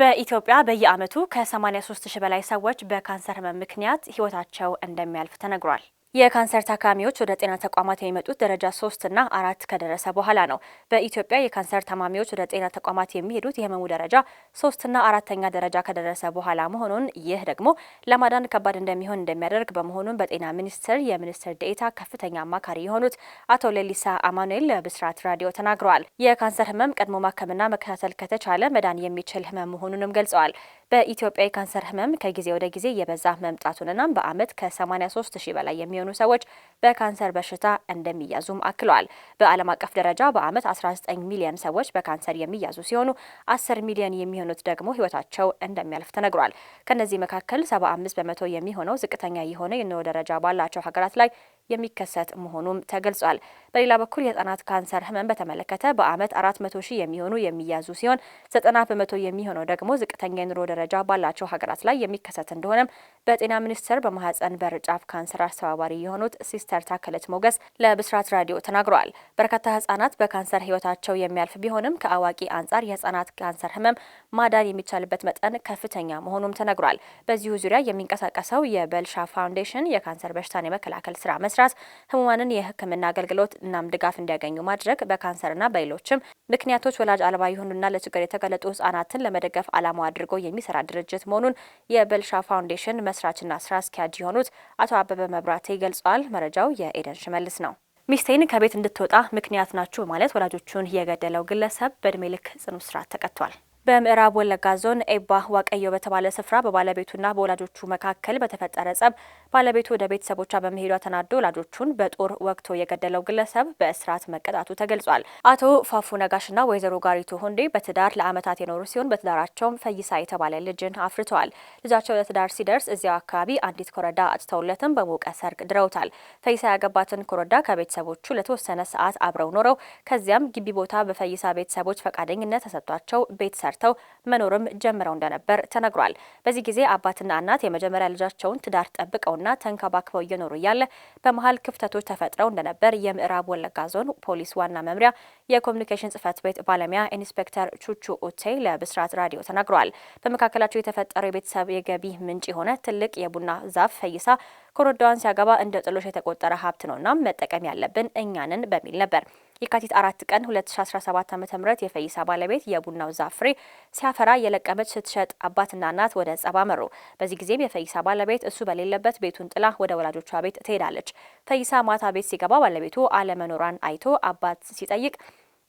በኢትዮጵያ በየዓመቱ ከ83 ሺህ በላይ ሰዎች በካንሰር ህመም ምክንያት ህይወታቸው እንደሚያልፍ ተነግሯል። የካንሰር ታካሚዎች ወደ ጤና ተቋማት የሚመጡት ደረጃ ሶስትና አራት ከደረሰ በኋላ ነው። በኢትዮጵያ የካንሰር ታማሚዎች ወደ ጤና ተቋማት የሚሄዱት የህመሙ ደረጃ ሶስትና አራተኛ ደረጃ ከደረሰ በኋላ መሆኑን ይህ ደግሞ ለማዳን ከባድ እንደሚሆን እንደሚያደርግ በመሆኑን በጤና ሚኒስቴር የሚኒስትር ዴኤታ ከፍተኛ አማካሪ የሆኑት አቶ ሌሊሳ አማኑኤል ለብስራት ራዲዮ ተናግረዋል። የካንሰር ህመም ቀድሞ ማከምና መከታተል ከተቻለ መዳን የሚችል ህመም መሆኑንም ገልጸዋል። በኢትዮጵያ የካንሰር ህመም ከጊዜ ወደ ጊዜ የበዛ መምጣቱንና በአመት ከ83 ሺህ በላይ የሚሆኑ ሰዎች በካንሰር በሽታ እንደሚያዙም አክለዋል። በዓለም አቀፍ ደረጃ በአመት 19 ሚሊዮን ሰዎች በካንሰር የሚያዙ ሲሆኑ 10 ሚሊዮን የሚሆኑት ደግሞ ህይወታቸው እንደሚያልፍ ተነግሯል። ከነዚህ መካከል 75 በመቶ የሚሆነው ዝቅተኛ የሆነ የኑሮ ደረጃ ባላቸው ሀገራት ላይ የሚከሰት መሆኑም ተገልጿል። በሌላ በኩል የህጻናት ካንሰር ህመም በተመለከተ በአመት አራት መቶ ሺህ የሚሆኑ የሚያዙ ሲሆን ዘጠና በመቶ የሚሆነው ደግሞ ዝቅተኛ የኑሮ ደረጃ ባላቸው ሀገራት ላይ የሚከሰት እንደሆነም በጤና ሚኒስቴር በማህፀን በር ጫፍ ካንሰር አስተባባሪ የሆኑት ሲስተር ታከለች ሞገስ ለብስራት ራዲዮ ተናግረዋል። በርካታ ህጻናት በካንሰር ህይወታቸው የሚያልፍ ቢሆንም ከአዋቂ አንጻር የህጻናት ካንሰር ህመም ማዳን የሚቻልበት መጠን ከፍተኛ መሆኑም ተነግሯል። በዚሁ ዙሪያ የሚንቀሳቀሰው የበልሻ ፋውንዴሽን የካንሰር በሽታን የመከላከል ስራ መስራት ህሙማንን የህክምና አገልግሎት እናም ድጋፍ እንዲያገኙ ማድረግ በካንሰርና በሌሎችም ምክንያቶች ወላጅ አልባ የሆኑና ለችግር የተገለጡ ህጻናትን ለመደገፍ ዓላማው አድርጎ የሚሰራ ድርጅት መሆኑን የበልሻ ፋውንዴሽን መስራችና ስራ አስኪያጅ የሆኑት አቶ አበበ መብራቴ ገልጸዋል። መረጃው የኤደን ሽመልስ ነው። ሚስቴን ከቤት እንድትወጣ ምክንያት ናችሁ በማለት ወላጆቹን የገደለው ግለሰብ በእድሜ ልክ ጽኑ እስራት ተቀጥቷል። በምዕራብ ወለጋ ዞን ኤባ ዋቀዮ በተባለ ስፍራ በባለቤቱና በወላጆቹ መካከል በተፈጠረ ጸብ ባለቤቱ ወደ ቤተሰቦቿ በመሄዷ ተናዶ ወላጆቹን በጦር ወቅቶ የገደለው ግለሰብ በእስራት መቀጣቱ ተገልጿል። አቶ ፋፉ ነጋሽና ወይዘሮ ጋሪቱ ሁንዴ በትዳር ለዓመታት የኖሩ ሲሆን በትዳራቸውም ፈይሳ የተባለ ልጅን አፍርተዋል። ልጃቸው ለትዳር ሲደርስ እዚያው አካባቢ አንዲት ኮረዳ አጥተውለትም በሞቀ ሰርግ ድረውታል። ፈይሳ ያገባትን ኮረዳ ከቤተሰቦቹ ለተወሰነ ሰዓት አብረው ኖረው ከዚያም ግቢ ቦታ በፈይሳ ቤተሰቦች ፈቃደኝነት ተሰጥቷቸው ቤት ተጋጭተው መኖርም ጀምረው እንደነበር ተነግሯል። በዚህ ጊዜ አባትና እናት የመጀመሪያ ልጃቸውን ትዳር ጠብቀውና ተንከባክበው እየኖሩ እያለ በመሀል ክፍተቶች ተፈጥረው እንደነበር የምዕራብ ወለጋ ዞን ፖሊስ ዋና መምሪያ የኮሚኒኬሽን ጽህፈት ቤት ባለሙያ ኢንስፔክተር ቹቹ ኡቴ ለብስራት ራዲዮ ተናግረዋል። በመካከላቸው የተፈጠረው የቤተሰብ የገቢ ምንጭ የሆነ ትልቅ የቡና ዛፍ ፈይሳ ኮረዳዋን ሲያገባ እንደ ጥሎሽ የተቆጠረ ሀብት ነውና መጠቀም ያለብን እኛንን በሚል ነበር። የካቲት አራት ቀን 2017 ዓ ም የፈይሳ ባለቤት የቡናው ዛፍ ፍሬ ሲያፈራ የለቀመች ስትሸጥ አባትና እናት ወደ ጸባ መሩ። በዚህ ጊዜም የፈይሳ ባለቤት እሱ በሌለበት ቤቱን ጥላ ወደ ወላጆቿ ቤት ትሄዳለች። ፈይሳ ማታ ቤት ሲገባ ባለቤቱ አለመኖሯን አይቶ አባት ሲጠይቅ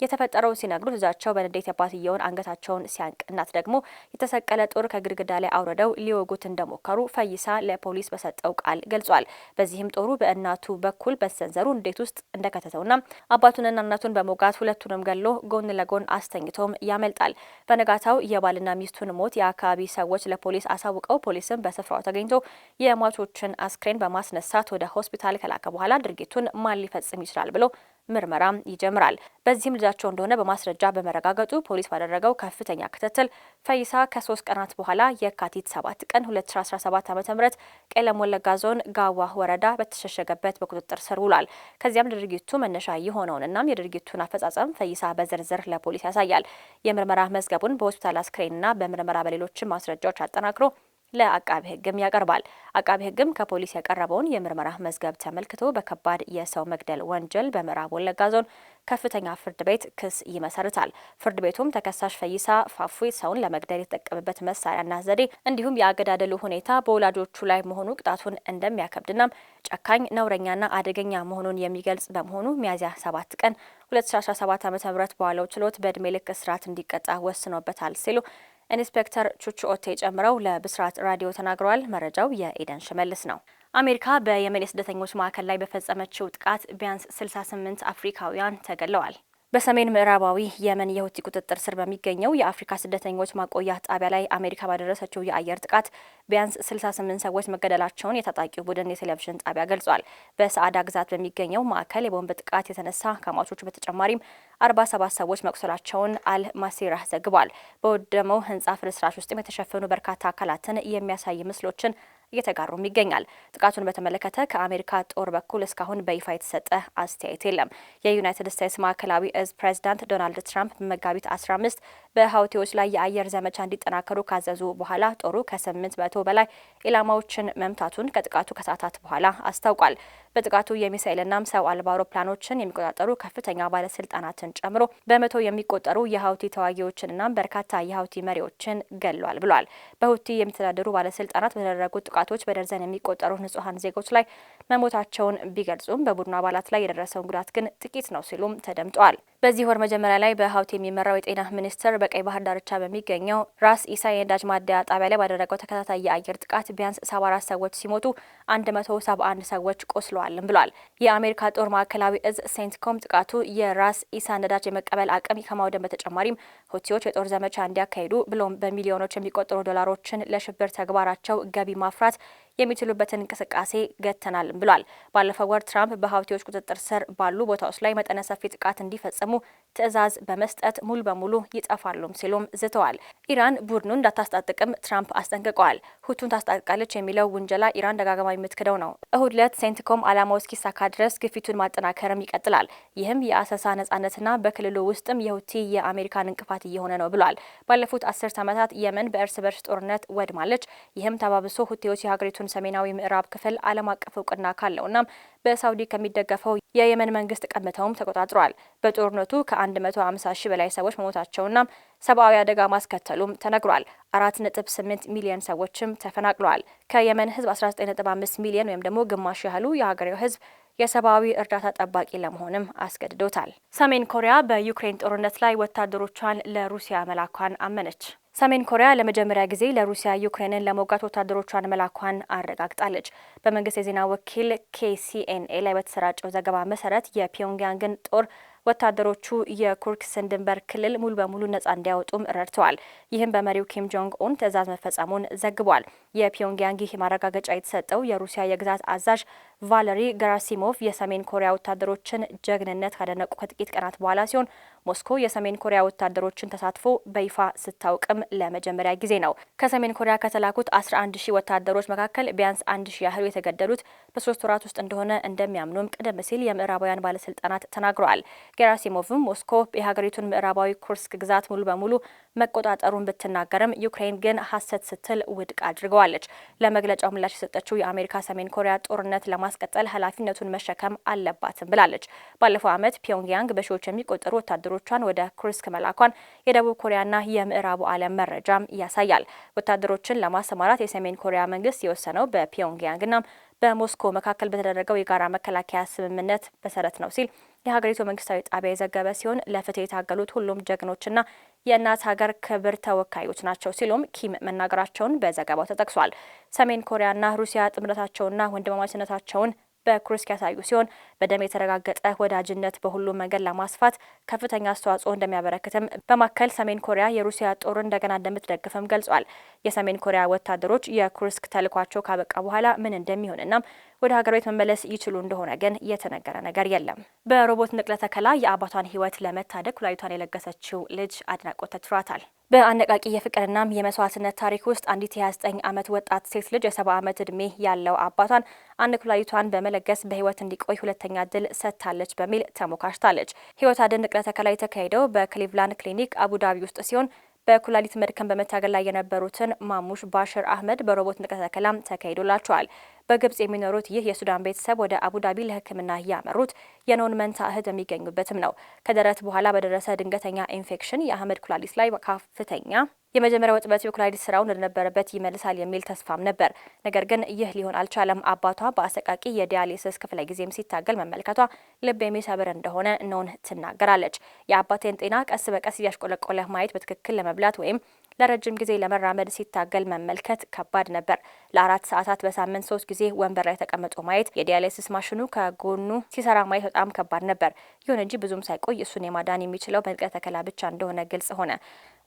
የተፈጠረውን ሲነግሩት ልጃቸው በንዴት የአባትየውን አንገታቸውን ሲያንቅ እናት ደግሞ የተሰቀለ ጦር ከግድግዳ ላይ አውርደው ሊወጉት እንደሞከሩ ፈይሳ ለፖሊስ በሰጠው ቃል ገልጿል። በዚህም ጦሩ በእናቱ በኩል በሰንዘሩ እንዴት ውስጥ እንደከተተውና አባቱንና እናቱን በሞጋት ሁለቱንም ገሎ ጎን ለጎን አስተኝቶም ያመልጣል። በነጋታው የባልና ሚስቱን ሞት የአካባቢ ሰዎች ለፖሊስ አሳውቀው ፖሊስም በስፍራው ተገኝቶ የሟቾችን አስክሬን በማስነሳት ወደ ሆስፒታል ከላከ በኋላ ድርጊቱን ማን ሊፈጽም ይችላል ብሎ ምርመራ ይጀምራል። በዚህም ልጃቸው እንደሆነ በማስረጃ በመረጋገጡ ፖሊስ ባደረገው ከፍተኛ ክትትል ፈይሳ ከሶስት ቀናት በኋላ የካቲት 7 ቀን 2017 ዓ ም ቄለም ወለጋ ዞን ጋዋ ወረዳ በተሸሸገበት በቁጥጥር ስር ውሏል። ከዚያም ድርጊቱ መነሻ የሆነውንና የድርጊቱን አፈጻጸም ፈይሳ በዝርዝር ለፖሊስ ያሳያል። የምርመራ መዝገቡን በሆስፒታል አስክሬንና በምርመራ በሌሎችም ማስረጃዎች አጠናክሮ ለአቃቤ ህግም ያቀርባል። አቃቤ ህግም ከፖሊስ ያቀረበውን የምርመራ መዝገብ ተመልክቶ በከባድ የሰው መግደል ወንጀል በምዕራብ ወለጋ ዞን ከፍተኛ ፍርድ ቤት ክስ ይመሰርታል። ፍርድ ቤቱም ተከሳሽ ፈይሳ ፋፉ ሰውን ለመግደል የተጠቀመበት መሳሪያና ዘዴ እንዲሁም የአገዳደሉ ሁኔታ በወላጆቹ ላይ መሆኑ ቅጣቱን እንደሚያከብድናም ጨካኝ ነውረኛና አደገኛ መሆኑን የሚገልጽ በመሆኑ ሚያዝያ 7 ቀን 2017 ዓ ም በዋለው ችሎት በእድሜ ልክ እስራት እንዲቀጣ ወስኖበታል ሲሉ ኢንስፔክተር ቹቹ ኦቴ ጨምረው ለብስራት ራዲዮ ተናግረዋል። መረጃው የኤደን ሽመልስ ነው። አሜሪካ በየመን የስደተኞች ማዕከል ላይ በፈጸመችው ጥቃት ቢያንስ 68 አፍሪካውያን ተገለዋል። በሰሜን ምዕራባዊ የመን የሁቲ ቁጥጥር ስር በሚገኘው የአፍሪካ ስደተኞች ማቆያ ጣቢያ ላይ አሜሪካ ባደረሰችው የአየር ጥቃት ቢያንስ 68 ሰዎች መገደላቸውን የታጣቂው ቡድን የቴሌቪዥን ጣቢያ ገልጿል። በሰአዳ ግዛት በሚገኘው ማዕከል የቦምብ ጥቃት የተነሳ ከሟቾቹ በተጨማሪም 47 ሰዎች መቁሰላቸውን አል ማሲራ ዘግቧል። በወደመው ህንጻ ፍርስራሽ ውስጥም የተሸፈኑ በርካታ አካላትን የሚያሳይ ምስሎችን እየተጋሩም ይገኛል። ጥቃቱን በተመለከተ ከአሜሪካ ጦር በኩል እስካሁን በይፋ የተሰጠ አስተያየት የለም። የዩናይትድ ስቴትስ ማዕከላዊ እዝ ፕሬዚዳንት ዶናልድ ትራምፕ በመጋቢት 15 በሀውቴዎች ላይ የአየር ዘመቻ እንዲጠናከሩ ካዘዙ በኋላ ጦሩ ከስምንት መቶ በላይ ኢላማዎችን መምታቱን ከጥቃቱ ከሰዓታት በኋላ አስታውቋል። በጥቃቱ የሚሳኤልና ሰው አልባ አውሮፕላኖችን የሚቆጣጠሩ ከፍተኛ ባለስልጣናትን ጨምሮ በመቶ የሚቆጠሩ የሀውቲ ተዋጊዎችንና በርካታ የሀውቲ መሪዎችን ገሏል ብሏል። በሁቲ የሚተዳደሩ ባለስልጣናት በተደረጉት ጥቃቶች በደርዘን የሚቆጠሩ ንጹሐን ዜጎች ላይ መሞታቸውን ቢገልጹም በቡድኑ አባላት ላይ የደረሰውን ጉዳት ግን ጥቂት ነው ሲሉም ተደምጠዋል። በዚህ ወር መጀመሪያ ላይ በሀውት የሚመራው የጤና ሚኒስቴር በቀይ ባህር ዳርቻ በሚገኘው ራስ ኢሳ የነዳጅ ማደያ ጣቢያ ላይ ባደረገው ተከታታይ የአየር ጥቃት ቢያንስ 74 ሰዎች ሲሞቱ 171 ሰዎች ቆስለዋልም ብሏል። የአሜሪካ ጦር ማዕከላዊ እዝ ሴንትኮም ጥቃቱ የራስ ኢሳ ነዳጅ የመቀበል አቅም ከማውደም በተጨማሪም ሁቲዎች የጦር ዘመቻ እንዲያካሂዱ ብሎም በሚሊዮኖች የሚቆጠሩ ዶላሮችን ለሽብር ተግባራቸው ገቢ ማፍራት የሚችሉበትን እንቅስቃሴ ገተናል ብሏል። ባለፈው ወር ትራምፕ በሀውቲዎች ቁጥጥር ስር ባሉ ቦታዎች ላይ መጠነ ሰፊ ጥቃት እንዲፈጽሙ ትዕዛዝ በመስጠት ሙሉ በሙሉ ይጠፋሉም ሲሉም ዝተዋል። ኢራን ቡድኑን እንዳታስጣጥቅም ትራምፕ አስጠንቅቀዋል። ሁቱን ታስጣጥቃለች የሚለው ውንጀላ ኢራን ደጋግማ የምትክደው ነው። እሁድ ዕለት ሴንትኮም አላማው እስኪሳካ ድረስ ግፊቱን ማጠናከርም ይቀጥላል። ይህም የአሰሳ ነጻነትና በክልሉ ውስጥም የሁቲ የአሜሪካን እንቅፋት እየሆነ ነው ብሏል። ባለፉት አስርት ዓመታት የመን በእርስ በርስ ጦርነት ወድማለች። ይህም ተባብሶ ሁቴዎች የሀገሪቱን የሀገሪቱን ሰሜናዊ ምዕራብ ክፍል ዓለም አቀፍ እውቅና ካለውና በሳውዲ ከሚደገፈው የየመን መንግስት ቀምተውም ተቆጣጥሯል። በጦርነቱ ከ150 ሺህ በላይ ሰዎች መሞታቸውና ሰብአዊ አደጋ ማስከተሉም ተነግሯል። 4.8 ሚሊዮን ሰዎችም ተፈናቅለዋል። ከየመን ህዝብ 19.5 ሚሊዮን ወይም ደግሞ ግማሽ ያህሉ የሀገሬው ህዝብ የሰብአዊ እርዳታ ጠባቂ ለመሆንም አስገድዶታል። ሰሜን ኮሪያ በዩክሬን ጦርነት ላይ ወታደሮቿን ለሩሲያ መላኳን አመነች። ሰሜን ኮሪያ ለመጀመሪያ ጊዜ ለሩሲያ ዩክሬንን ለመውጋት ወታደሮቿን መላኳን አረጋግጣለች። በመንግስት የዜና ወኪል ኬሲኤንኤ ላይ በተሰራጨው ዘገባ መሰረት የፒዮንግያንግን ጦር ወታደሮቹ የኩርክስን ድንበር ክልል ሙሉ በሙሉ ነጻ እንዲያወጡም ረድተዋል። ይህም በመሪው ኪም ጆንግ ኡን ትዕዛዝ መፈጸሙን ዘግቧል። የፒዮንግያንግ ይህ ማረጋገጫ የተሰጠው የሩሲያ የግዛት አዛዥ ቫለሪ ገራሲሞቭ የሰሜን ኮሪያ ወታደሮችን ጀግንነት ካደነቁ ከጥቂት ቀናት በኋላ ሲሆን ሞስኮ የሰሜን ኮሪያ ወታደሮችን ተሳትፎ በይፋ ስታውቅም ለመጀመሪያ ጊዜ ነው። ከሰሜን ኮሪያ ከተላኩት 11 ሺህ ወታደሮች መካከል ቢያንስ 1 ሺህ ያህሉ የተገደሉት በሶስት ወራት ውስጥ እንደሆነ እንደሚያምኑም ቀደም ሲል የምዕራባውያን ባለስልጣናት ተናግረዋል። ጌራሲሞቭም ሞስኮ የሀገሪቱን ምዕራባዊ ኩርስክ ግዛት ሙሉ በሙሉ መቆጣጠሩን ብትናገርም ዩክሬን ግን ሀሰት ስትል ውድቅ አድርገዋለች። ለመግለጫው ምላሽ የሰጠችው የአሜሪካ ሰሜን ኮሪያ ጦርነት ለማስቀጠል ኃላፊነቱን መሸከም አለባትም ብላለች። ባለፈው ዓመት ፒዮንግያንግ በሺዎች የሚቆጠሩ ወታደሮች ወታደሮቿን ወደ ኩርስክ መላኳን የደቡብ ኮሪያና የምዕራቡ ዓለም መረጃም ያሳያል። ወታደሮችን ለማሰማራት የሰሜን ኮሪያ መንግስት የወሰነው በፒዮንግያንግና በሞስኮ መካከል በተደረገው የጋራ መከላከያ ስምምነት መሰረት ነው ሲል የሀገሪቱ መንግስታዊ ጣቢያ የዘገበ ሲሆን ለፍትህ የታገሉት ሁሉም ጀግኖችና የእናት ሀገር ክብር ተወካዮች ናቸው ሲሉም ኪም መናገራቸውን በዘገባው ተጠቅሷል። ሰሜን ኮሪያና ሩሲያ ጥምረታቸውና ወንድማማችነታቸውን በኩርስክ ያሳዩ ሲሆን በደም የተረጋገጠ ወዳጅነት በሁሉም መንገድ ለማስፋት ከፍተኛ አስተዋጽኦ እንደሚያበረክትም በማከል ሰሜን ኮሪያ የሩሲያ ጦር እንደገና እንደምትደግፍም ገልጿል። የሰሜን ኮሪያ ወታደሮች የኩርስክ ተልኳቸው ካበቃ በኋላ ምን እንደሚሆንና ወደ ሀገር ቤት መመለስ ይችሉ እንደሆነ ግን የተነገረ ነገር የለም። በሮቦት ንቅለ ተከላ የአባቷን ሕይወት ለመታደግ ኩላሊቷን የለገሰችው ልጅ አድናቆት ተችሯታል። በአነቃቂ የፍቅርና የመስዋዕትነት ታሪክ ውስጥ አንዲት የ29 ዓመት ወጣት ሴት ልጅ የሰባ ዓመት ዕድሜ ያለው አባቷን አንድ ኩላሊቷን በመለገስ በህይወት እንዲቆይ ሁለተኛ እድል ሰጥታለች በሚል ተሞካሽታለች። ህይወት አድን ንቅለ ተከላ የተካሄደው በክሊቭላንድ ክሊኒክ አቡዳቢ ውስጥ ሲሆን በኩላሊት መድከም በመታገል ላይ የነበሩትን ማሙሽ ባሽር አህመድ በሮቦት ንቅለ ተከላም ተካሂዶላቸዋል። በግብጽ የሚኖሩት ይህ የሱዳን ቤተሰብ ወደ አቡዳቢ ለሕክምና ያመሩት የኖን መንታ እህት የሚገኙበትም ነው። ከደረት በኋላ በደረሰ ድንገተኛ ኢንፌክሽን የአህመድ ኩላሊት ላይ ከፍተኛ የመጀመሪያው እጥበት የኦክላይድስ ስራውን ወደነበረበት ይመልሳል የሚል ተስፋም ነበር። ነገር ግን ይህ ሊሆን አልቻለም። አባቷ በአሰቃቂ የዲያሊሲስ ክፍለ ጊዜም ሲታገል መመልከቷ ልብ የሚሰብር እንደሆነ ነውን ትናገራለች። የአባቴን ጤና ቀስ በቀስ እያሽቆለቆለ ማየት በትክክል ለመብላት ወይም ለረጅም ጊዜ ለመራመድ ሲታገል መመልከት ከባድ ነበር። ለአራት ሰዓታት በሳምንት ሶስት ጊዜ ወንበር ላይ ተቀምጦ ማየት፣ የዲያሊሲስ ማሽኑ ከጎኑ ሲሰራ ማየት በጣም ከባድ ነበር። ይሁን እንጂ ብዙም ሳይቆይ እሱን የማዳን የሚችለው በንቅለ ተከላ ብቻ እንደሆነ ግልጽ ሆነ።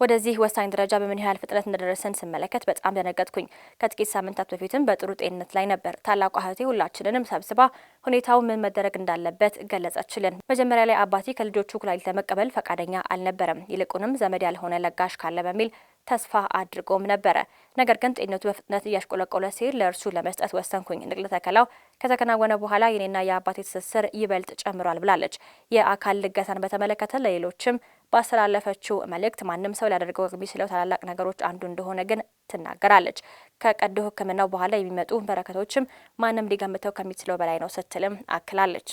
ወደዚህ ወሳኝ ደረጃ በምን ያህል ፍጥነት እንደደረሰን ስመለከት በጣም ደነገጥኩኝ። ከጥቂት ሳምንታት በፊትም በጥሩ ጤንነት ላይ ነበር። ታላቁ እህቴ ሁላችንንም ሰብስባ ሁኔታው ምን መደረግ እንዳለበት ገለጸችልን። መጀመሪያ ላይ አባቴ ከልጆቹ ኩላሊት ለመቀበል ፈቃደኛ አልነበረም። ይልቁንም ዘመድ ያልሆነ ለጋሽ ካለ በሚል ተስፋ አድርጎም ነበረ። ነገር ግን ጤንነቱ በፍጥነት እያሽቆለቆለ ሲሄድ ለእርሱ ለመስጠት ወሰንኩኝ። ንቅለ ተከላው ከተከናወነ በኋላ የኔና የአባቴ ትስስር ይበልጥ ጨምሯል ብላለች። የአካል ልገሳን በተመለከተ ለሌሎችም ባስተላለፈችው መልእክት ማንም ሰው ሊያደርገው የሚችለው ታላላቅ ነገሮች አንዱ እንደሆነ ግን ትናገራለች። ከቀዶ ሕክምናው በኋላ የሚመጡ በረከቶችም ማንም ሊገምተው ከሚችለው በላይ ነው ስትልም አክላለች።